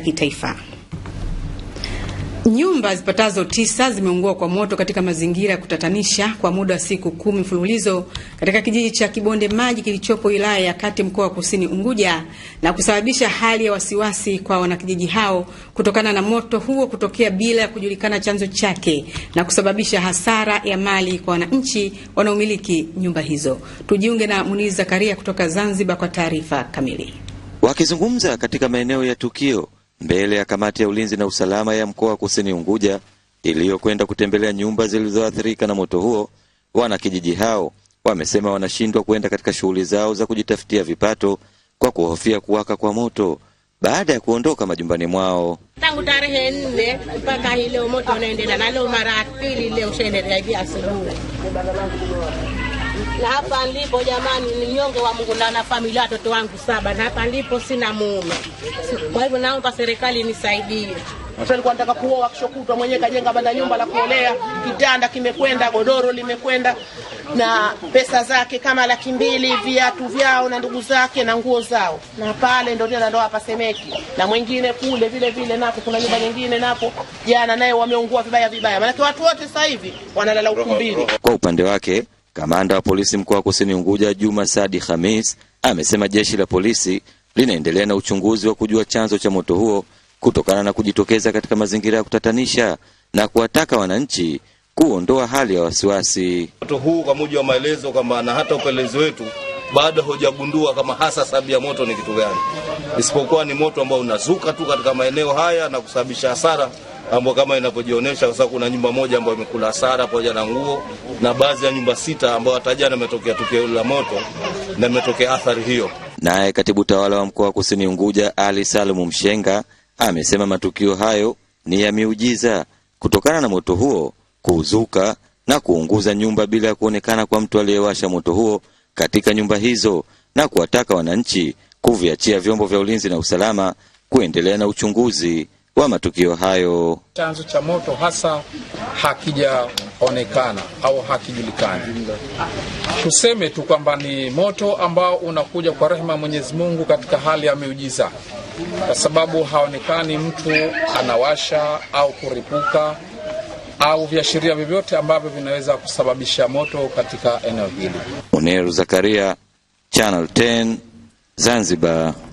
kitaifa. Nyumba zipatazo tisa zimeungua kwa moto katika mazingira ya kutatanisha kwa muda wa siku kumi mfululizo katika kijiji cha Kibonde Maji kilichopo wilaya ya Kati mkoa wa Kusini Unguja na kusababisha hali ya wasiwasi kwa wanakijiji hao kutokana na moto huo kutokea bila ya kujulikana chanzo chake na kusababisha hasara ya mali kwa wananchi wanaomiliki nyumba hizo. Tujiunge na Muniz Zakaria kutoka Zanzibar kwa taarifa kamili. Wakizungumza katika maeneo ya tukio mbele ya kamati ya ulinzi na usalama ya mkoa wa Kusini Unguja iliyokwenda kutembelea nyumba zilizoathirika na moto huo. Wanakijiji hao wamesema wanashindwa kuenda katika shughuli zao za kujitafutia vipato kwa kuhofia kuwaka kwa moto baada ya kuondoka majumbani mwao. Tangu tarehe nne mpaka hii leo moto unaendelea, na leo mara ya pili, leo ushaendelea hivi asubuhi na hapa ndipo jamani, ni mnyonge wa Mungu na na familia watoto wangu saba, na hapa ndipo sina mume. Kwa hivyo naomba serikali nisaidie. Sasa nilikuwa nataka kuoa kesho kutwa, mwenyewe kajenga banda nyumba la kuolea, kitanda kimekwenda, godoro limekwenda, na pesa zake kama laki mbili, viatu vyao na ndugu zake na nguo zao, na pale ndio tena ndoa pasemeki. Na mwingine kule vile vile, napo kuna nyumba nyingine napo jana naye wameungua vibaya vibaya, maana watu wote sasa hivi wanalala ukumbini. Kwa upande wake Kamanda wa polisi mkoa wa Kusini Unguja, Juma Sadi Khamis, amesema jeshi la polisi linaendelea na uchunguzi wa kujua chanzo cha moto huo kutokana na kujitokeza katika mazingira ya kutatanisha na kuwataka wananchi kuondoa hali ya wasiwasi. Moto huu kwa mujibu wa maelezo kwamba na hata upelelezi wetu bado hujagundua kama hasa sababu ya moto ni kitu gani, isipokuwa ni moto ambao unazuka tu katika maeneo haya na kusababisha hasara ambayo kama inavyojionyesha sasa, kuna nyumba moja ambayo imekula hasara pamoja na nguo na baadhi ya nyumba sita ambayo hata jana imetokea tukio la moto na imetokea athari hiyo. Naye katibu tawala wa mkoa wa Kusini Unguja Ali Salumu Mshenga amesema matukio hayo ni ya miujiza kutokana na moto huo kuzuka na kuunguza nyumba bila ya kuonekana kwa mtu aliyewasha moto huo katika nyumba hizo, na kuwataka wananchi kuviachia vyombo vya ulinzi na usalama kuendelea na uchunguzi wa matukio hayo. Chanzo cha moto hasa hakijaonekana au hakijulikani. Tuseme tu kwamba ni moto ambao unakuja kwa rehema ya Mwenyezi Mungu katika hali ya miujiza, kwa sababu haonekani mtu anawasha au kuripuka au viashiria vyovyote ambavyo vinaweza kusababisha moto katika eneo hili. Muneru Zakaria, Channel 10, Zanzibar.